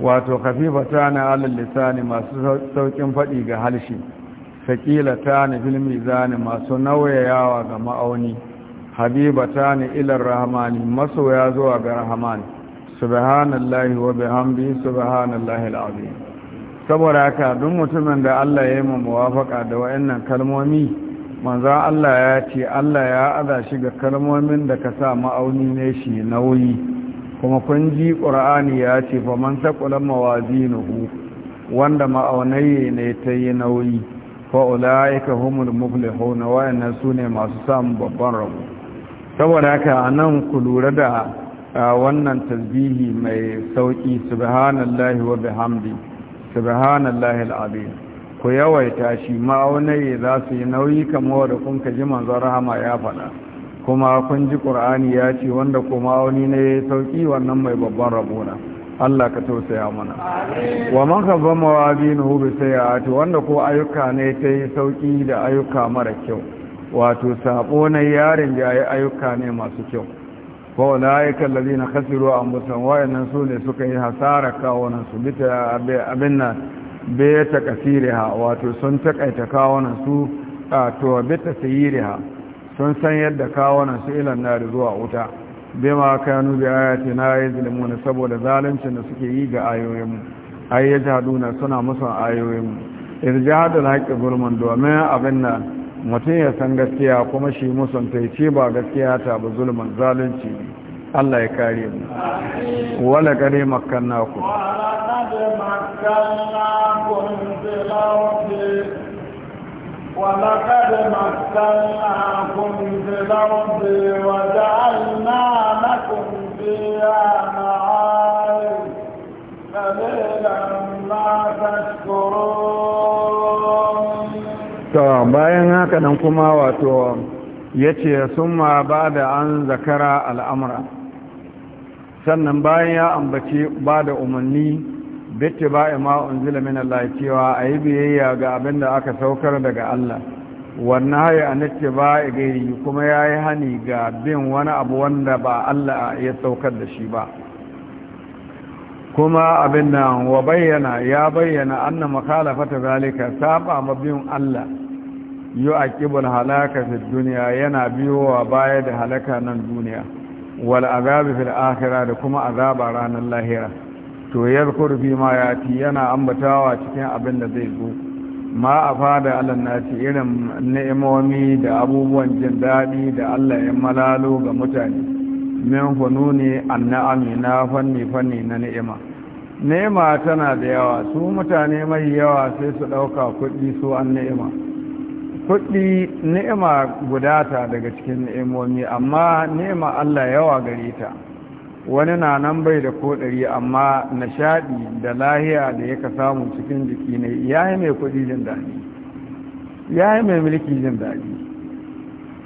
wato kafifata ne alalisa ne masu saukin faɗi ga halshe fakilata ne filmi za ne masu nauyayawa ga ma'auni habibata ne ilar rahmani masoya zuwa ga rahamani subhanallahi wa bihamdi subhanallahi alazim saboda haka duk mutumin da Allah ya yi mu muwafaka da wayannan kalmomi manzo Allah ya ce Allah ya aza shi ga kalmomin da ka sa ma'auni ne shi nauyi kuma kun ji qur'ani ya ce fa man taqula mawazinuhu wanda ma'aunai ne ta yi nauyi fa ulaika humul muflihun wa'annan sune masu samun babban rabo saboda haka nan ku lura da wannan tasbihi mai sauki subhanallahi wa bihamdi subhanallahi alazim ku yawaita shi ma'aunai za su yi nauyi kamar wanda kun ka ji manzon rahama ya faɗa kuma kun ji qur'ani ya ce wanda ko ma'auni ne sauki wannan mai babban rabona Allah ka tausaya mana wa man khabba mawazinuhu bi sayyi'ati wanda ko ayyuka ne ta yi sauki da ayyuka mara kyau wato sabo na yarin da ya ayyuka ne masu kyau ko la yaka alladhina khasiru musan wa su sune suka yi hasara kawunan su bita abin nan be ta ha wato sun takaita kawunan su to be ta sayiriha sun san yadda kawunan su ilan nar zuwa wuta bima kanu bi yi yazlimuna saboda zaluncin da suke yi ga ayoyin mu ay yajhaduna suna musan ayoyin mu na haqqi zulman domin abin nan mutum ya san gaskiya kuma shi musunta ya ce ba gaskiya ta ba zulman zalunci Allah ya kare mu wala kare makkan naku ولقد مكناكم في الأرض وجعلنا لكم bayan haka nan kuma wato ya ce sun ma ba da an zakara al'amura sannan bayan ya ambaci ba da umarni bitti ba ima unzila min Allah cewa a yi biyayya ga abin da aka saukar daga Allah wannan haya a ba a gairi kuma ya yi hani ga bin wani abu wanda ba Allah ya saukar da shi ba kuma abin nan wa bayyana ya bayyana anna ta zalika saba ma bin Allah a halaka fi duniya yana biyowa baya da halaka nan duniya wal azabi fil akhirah da kuma azaba ranar lahira to yadhkur bi ma yati yana ambatawa cikin abin da zai zo ma afada Allah ci irin ni'imomi da abubuwan jin dadi da Allah ya malalo ga mutane min hununi annami na fanni fanni na ni'ima ni'ima tana da yawa su mutane mai yawa sai su dauka kuɗi su an ni'ima kuɗi ni'ima gudata daga cikin ni'imomi amma ni'ima Allah yawa gare ta wani na nan bai da koɗari amma nishaɗi da lahiya da yaka samu cikin jiki ne ya yi mai kuɗi jin daɗi ya yi mai mulki jin daɗi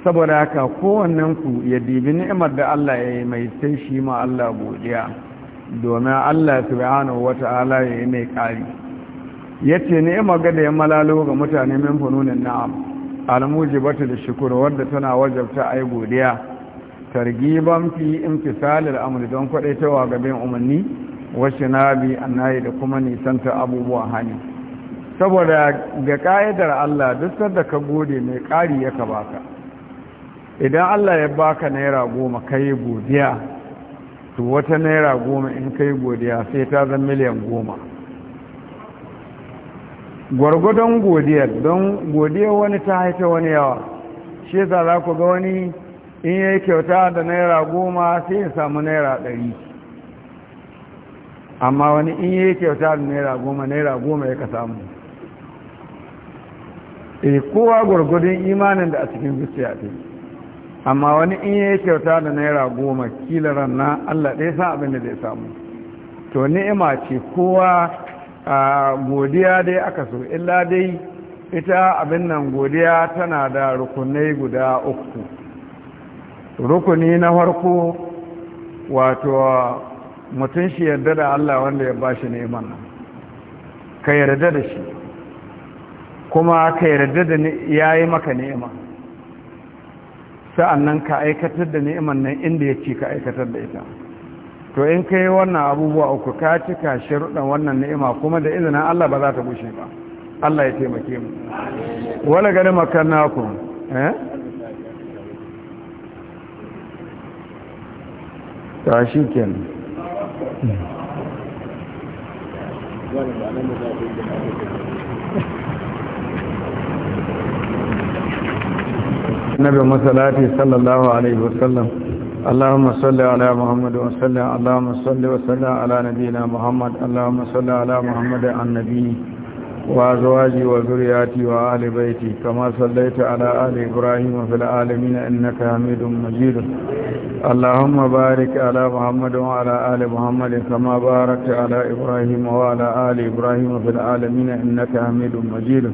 saboda haka kowannen ku ya dibi ni'imar da Allah ya yi mai sai shi ma Allah godiya domin Allah subhanahu wata'ala ya yi mai ƙari yace ce ni'imar ga da ya malalo ga mutane min fununin na'am almujibatu shukuru, wanda tana wajabta ai godiya targiban fi imtisalil amri don ta kwadaitawa gaben umarni wa shinabi annayi da kuma ta abubuwa hani saboda ga ka'idar Allah duk sanda ka gode mai kari ya ka baka idan Allah ya baka naira goma kai godiya to wata naira goma in kai godiya sai ta zama miliyan goma gwargwadon godiyar don godiyar wani ta haifa wani yawa shi za za ku ga wani in yi kyauta da naira goma sai ya samu naira ɗari amma wani in yi kyauta da naira goma naira goma ya ka samu e kowa gwargwadon imanin da a cikin zuciya ce amma wani in yi kyauta da naira goma kila ranna allah ɗaya sa abin da zai samu to ni'ima ce kowa A godiya dai aka so illa dai ita abin nan godiya tana da rukunai guda uku rukuni na farko wato mutum shi yarda da Allah wanda ya bashi neman nan ka yarda da shi kuma ka yarda da ya yi maka ni'ima sa'annan ka aikatar da neman nan inda ya ce ka aikatar da ita to in ka yi wannan abubuwa uku ka cika sharuɗan wannan ni'ima kuma da izinin Allah ba za ta bushe ba Allah ya taimake mu wala gani makanna naku eh ta shi kenan nabi masalati sallallahu alaihi wasallam اللهم صل على محمد وسلم اللهم صل وسلم على نبينا محمد اللهم صل على محمد النبي وأزواجي وذرياتي وآل بيتي كما صليت على آل إبراهيم في العالمين إنك حميد مجيد اللهم بارك على محمد وعلى آل محمد كما باركت على إبراهيم وعلى آل إبراهيم في العالمين إنك حميد مجيد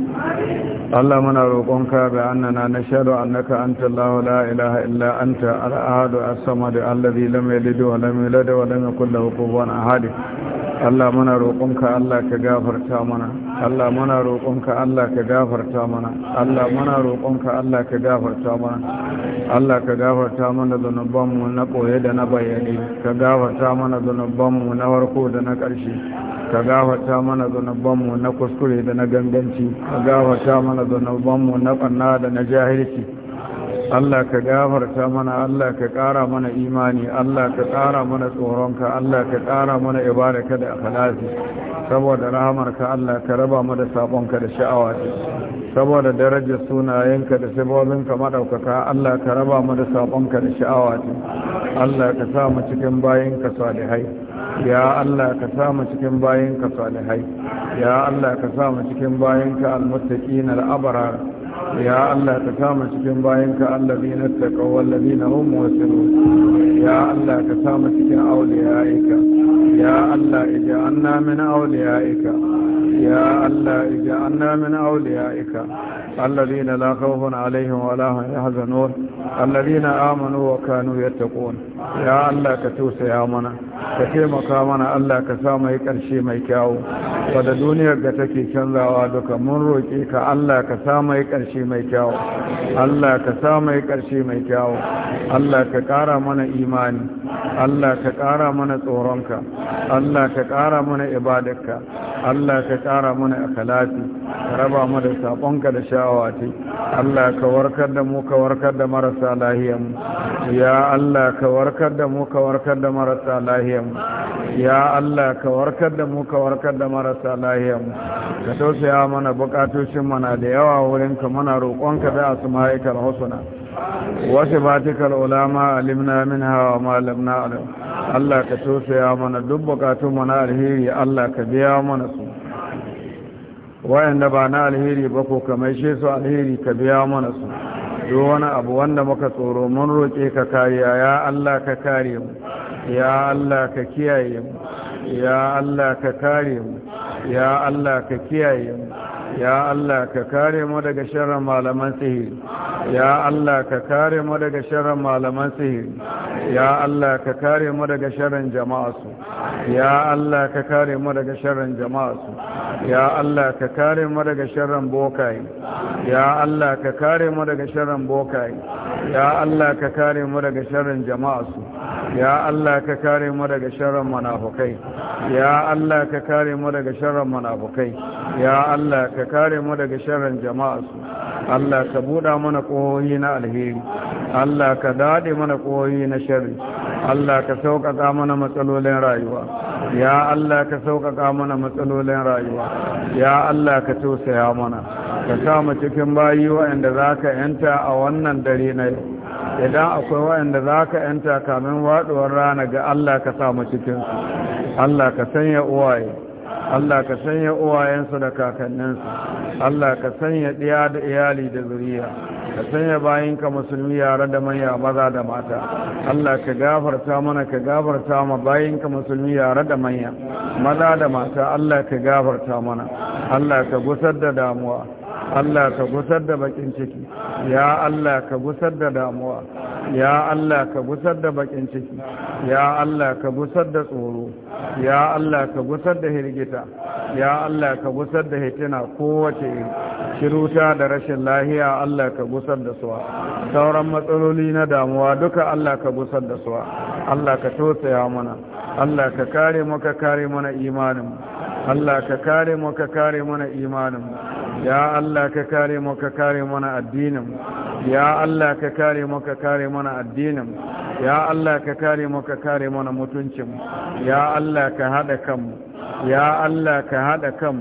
اللهم نروقنك بأننا نشهد أنك أنت الله لا إله إلا أنت الأحد الصمد الذي لم يلد ولم يولد ولم يكن له كفوا أحد اللهم نروقنك الله كغفرت منا Allah muna roƙonka Allah ka gafarta mana Allah muna roƙonka Allah ka gafarta mana Allah ka gafarta mana zanubanmu na koye da na bayyane ka gafarta mana zanubanmu na farko da na ƙarshe ka gafarta mana zanubanmu na kuskure da na ganganci ka gafarta mana zanubanmu na ɓanna da na jahilci Allah ka gafarta mana Allah ka ƙara mana imani Allah ka ƙara mana tsoronka Allah ka ƙara mana ibadaka da akhlasi saboda rahamarka Allah ka raba mu da sabonka da sha'awa saboda darajar sunayenka da sabobinka madaukaka Allah ka raba mu da sabonka da sha'awa Allah ka sa mu cikin bayinka salihai ya Allah ka samu cikin bayanka salihai ya Allah ka samu cikin bayanka almuttaqin al-abrar يا الله تكام شكين باينك الذين اتقوا والذين هم موسنون يا الله تكام شكين أوليائك يا الله اجعلنا من أوليائك يا الله اجعلنا من أوليائك الذين لا خوف عليهم ولا هم يحزنون الذين آمنوا وكانوا يتقون ya Allah ka tausaya mana ka taimaka mana Allah ka sa mai ƙarshe mai kyawu wadda duniyar da take canzawa duka mun roƙe ka Allah ka sa mai ƙarshe mai kyawu Allah ka sa mai ƙarshe mai kyawu Allah ka ƙara mana imani Allah ka ƙara mana tsoronka Allah ka ƙara mana ibadarka Allah ka ƙara mana akalafi ka raba mu da sabonka da sha'awa ce Allah ka warkar da mu ka warkar da marasa lahiyar mu ya Allah ka warkar warkar da mu ka warkar da marasa lahiyanmu ya Allah ka warkar da mu ka warkar da marasa lahiyanmu ka tausaya mana bukatocin mana da yawa wurin ka mana roƙonka da ma'aikar husna wasu batikal ulama alimna minha hawa ma lam na'lam Allah ka tausaya mana duk bukatun mu na alheri Allah ka biya mana su wayanda ba na alheri ba ko kamar shi su alheri ka biya mana su duk wani abu wanda muka tsoro mun roƙe ka kariya ya Allah ka kare mu ya Allah ka kiyaye mu ya Allah ka kare mu ya Allah ka kiyaye mu ya Allah ka kare mu daga sharrin malaman sihiri ya Allah ka kare mu daga sharrin malaman sihiri ya Allah ka kare mu daga sharrin jama'a su ya Allah ka kare mu daga sharrin jama'a su ya Allah ka kare mu daga sharrin bokai. ya Allah ka kare mu daga sharrin bokai. ya Allah ka kare mu daga sharrin jama'a su ya Allah ka kare mu daga sharrin munafukai ya Allah ka kare mu daga sharrin munafukai ya Allah ka kare mu daga sharrin jama'a su Allah ka buɗa mana ƙohoyi na alheri Allah ka daɗe mana ƙohoyi na sharri Allah ka sauƙaƙa mana matsalolin rayuwa ya Allah ka sauƙaƙa mana matsalolin rayuwa ya Allah ka tausaya mana ka sa mu cikin bayi waɗanda za ka yanta a wannan dare na yau idan akwai waɗanda za ka yanta kamin waɗuwar rana ga Allah ka sa mu cikinsu Allah ka sanya uwaye Allah ka sanya uwayensu da kakanninsu Allah ka sanya ɗiya da iyali da zuriya ka sanya bayinka musulmi yare da manya maza da mata Allah ka gafarta mana ka gafarta ma bayinka musulmi yare da manya maza da mata Allah ka gafarta mana Allah ka gusar da damuwa Allah ka gusar da bakin ciki ya Allah ka gusar da damuwa ya Allah ka gusar da bakin ciki ya Allah ka gusar da tsoro ya Allah ka gusar da hirgita ya Allah ka gusar da hitina kowace iri. shiruta da rashin lahiya Allah ka gusar da suwa sauran matsaloli na damuwa duka Allah ka gusar da suwa Allah ka tosaya mana Allah ka kare mu ka kare mana imanin Allah ka kare mu ka kare mana imanin ya Allah ka kare mu ka kare mana addinin ya Allah ka kare mu ka kare mana addinin ya Allah ka kare mu ka kare mana mutuncin ya Allah ka haɗa kanmu ya Allah ka haɗa kan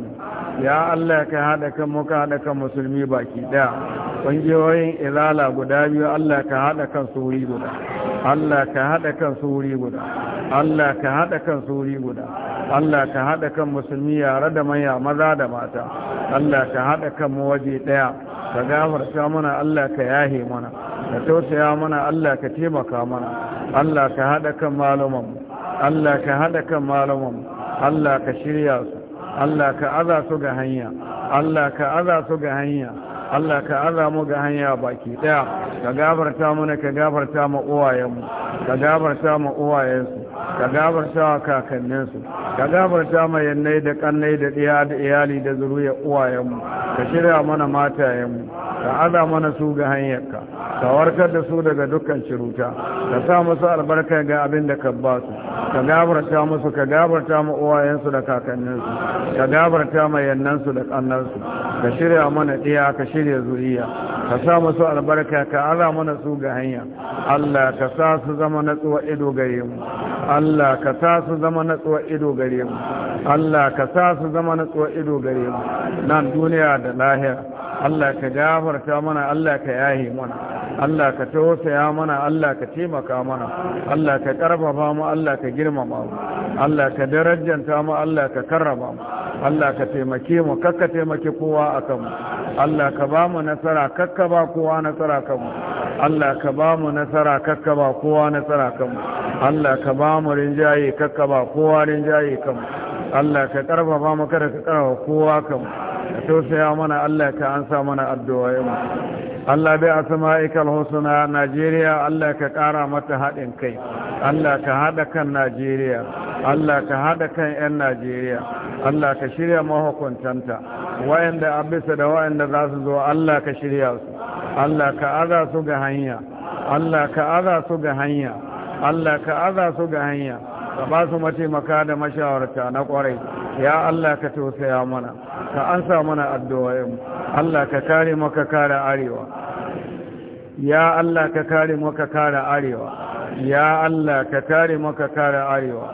ya Allah ka haɗa kanmu ka haɗa kan musulmi baki ɗaya ƙungiyoyin ilala guda biyu Allah ka haɗa kan wuri guda Allah ka haɗa kan wuri guda Allah ka haɗa kan wuri guda Allah ka haɗa kan musulmi yare da manya maza da mata Allah ka haɗa kan mu waje ɗaya ka gafarta mana Allah ka yahe mana ka tausaya mana Allah ka taimaka mana Allah ka haɗa kan malumanmu Allah ka haɗa kan malumanmu Allah ka shirya su Allah ka aza su ga hanya Allah ka aza su ga hanya Allah ka aza mu ga hanya baki daya ka gafarta mana ka gafarta ma uwayenmu ka gafarta ma uwayensu ka gafarta wa kakanninsu ka gafarta ma yannai da kannai da da iyali da zuriya uwayenmu ka shirya mana matayenmu ka aza mana su ga hanyarka ka warkar da su daga dukkan ciruta ka sa musu albarka ga abin da ka ba su ka gabarta musu ka gabarta mu uwayensu da kakanninsu ka gabarta ma yannansu da kannansu ka shirya mana iya, ka shirya zuriya ka sa musu albarka ka aza mana su ga hanya Allah ka sa su zama natsuwa ido gare mu Allah ka sa su zama natsuwa ido gare mu Allah ka sa su zama natsuwa ido gare mu nan duniya da lahira Allah ka gafarta mana Allah ka yahi mana Allah ka tausaya mana Allah ka taimaka mana Allah ka karfafa mu Allah ka girmama mu Allah ka darajanta mu Allah ka karrama mu Allah ka taimake mu kakka taimake kowa akan mu Allah ka ba mu nasara kakka ba kowa nasara kan mu Allah ka ba mu nasara kakka ba kowa nasara kan mu Allah ka ba mu rinjaye kakka ba kowa rinjaye kan mu Allah ka karfafa mu kada ka karfafa kowa kan mu ka tausaya mana Allah ka ansa mana addu'a yau. Allah bai asma'ikal husna Najeriya Allah ka kara mata haɗin kai Allah ka haɗa kan Najeriya Allah ka haɗa kan 'yan Najeriya Allah ka shirya mahukuntanta wayanda abisa da wayanda za su zo Allah ka shirya su Allah ka aza su ga hanya Allah ka aza su ga hanya Allah ka aza su ga hanya ba su mataimaka da mashawarta na ƙwarai ya Allah ka tausaya mana ka ansa mana addu'o'in Allah ka kare maka kare arewa ya Allah ka kare maka kare arewa ya Allah ka kare maka kare arewa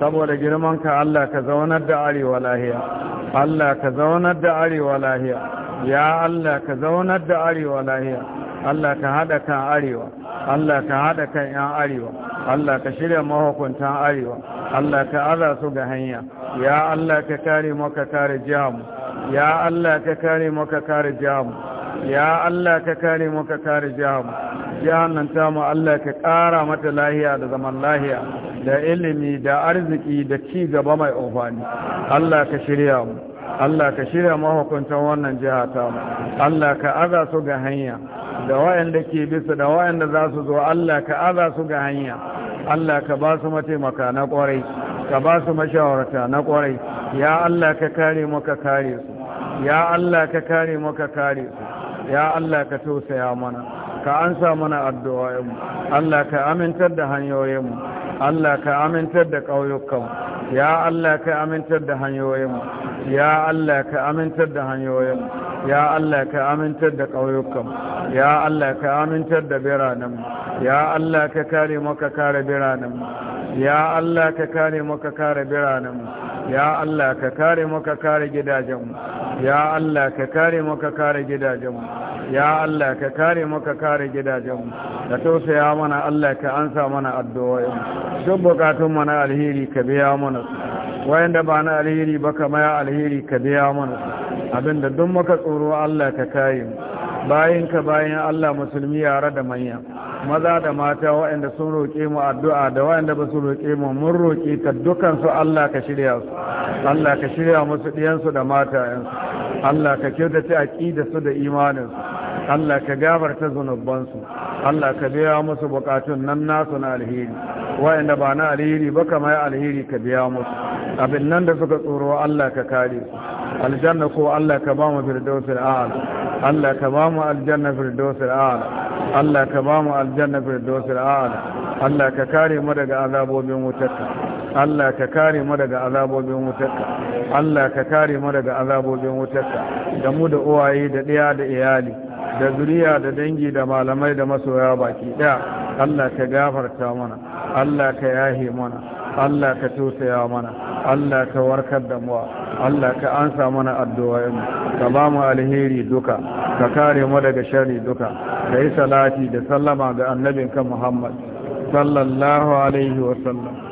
saboda girmanka Allah ka zaunar da arewa lahiya Allah ka zaunar da arewa lahiya ya Allah ka zaunar da arewa lahiya Allah ka hada kan arewa Allah ka hada kan yan arewa Allah ka shirya mahukuntan arewa Allah ka aza su ga hanya ya Allah ka kare mu ka kare jihamu ya Allah ka kare mu ka kare jihamu ya Allah ka kare mu ka kare jihamu jihar nan mu Allah ka kara mata lahiya da zaman lahiya da ilimi da arziki da ci gaba mai amfani Allah ka shirya mu Allah ka shirya mahukuntan wannan jiha mu. Allah ka aza su ga hanya da wayanda ke bisa da wayanda za su zo Allah ka aza su ga hanya Allah ka ba su mataimaka na kwarai ka ba su mashawarta na kwarai ya Allah ka kare mu ka kare su ya Allah ka kare mu ka kare su ya Allah ka tausaya mana ka ansa mana addu'o'in Allah ka amintar da hanyoyin mu Allah ka amintar da ƙauyukanmu ya Allah ka amintar da hanyoyinmu ya Allah ka amintar da hanyoyinmu ya Allah ka amintar da ƙauyukanmu ya Allah ka amintar da biranenmu ya Allah ka kare maka kare biranenmu ya Allah ka kare maka kare biranenmu ya Allah ka kare maka kare gidajenmu ya Allah ka kare maka kare gidajenmu ya Allah ka kare maka kare gidajenmu da tausaya mana Allah ka ansa mana addu'o'inmu duk bukatun mu na alheri ka biya mana su wayanda ba na alheri ba ka maya alheri ka biya mana su abinda duk maka tsoro Allah ka kayi bayin bayan ka bayan Allah musulmi yara da manya maza da mata wayanda sun roƙe mu addu'a da wayanda ba su roƙe mu mun roƙe ka dukan su Allah ka shirya su Allah ka shirya musu su da matayensu Allah ka kyautace aqida su da imanin su Allah ka gafarta zunubansu Allah ka biya musu bukatun nan nasu na alheri wa'anda ba na alheri ba kama ya alheri ka biya musu abin nan da suka tsoro Allah ka kare su aljanna ko Allah ka bamu firdausul a'la Allah ka bamu aljanna firdausul a'la Allah ka bamu aljanna firdausul a'la Allah ka kare mu daga azabobin wutarka Allah ka kare mu daga azabobin wutarka Allah ka kare mu daga azabobin wutarka da mu da uwaye da ɗiya da iyali da zuriya da dangi da malamai da masoya baki ɗaya Allah ka gafarta mana Allah ka yahe mana Allah ka tausaya mana Allah ka warkar da mu Allah ka ansa mana addu'o'in ka ba mu alheri duka ka kare mu daga sharri duka ka yi salati da sallama ga annabinka Muhammad sallallahu alaihi wa sallam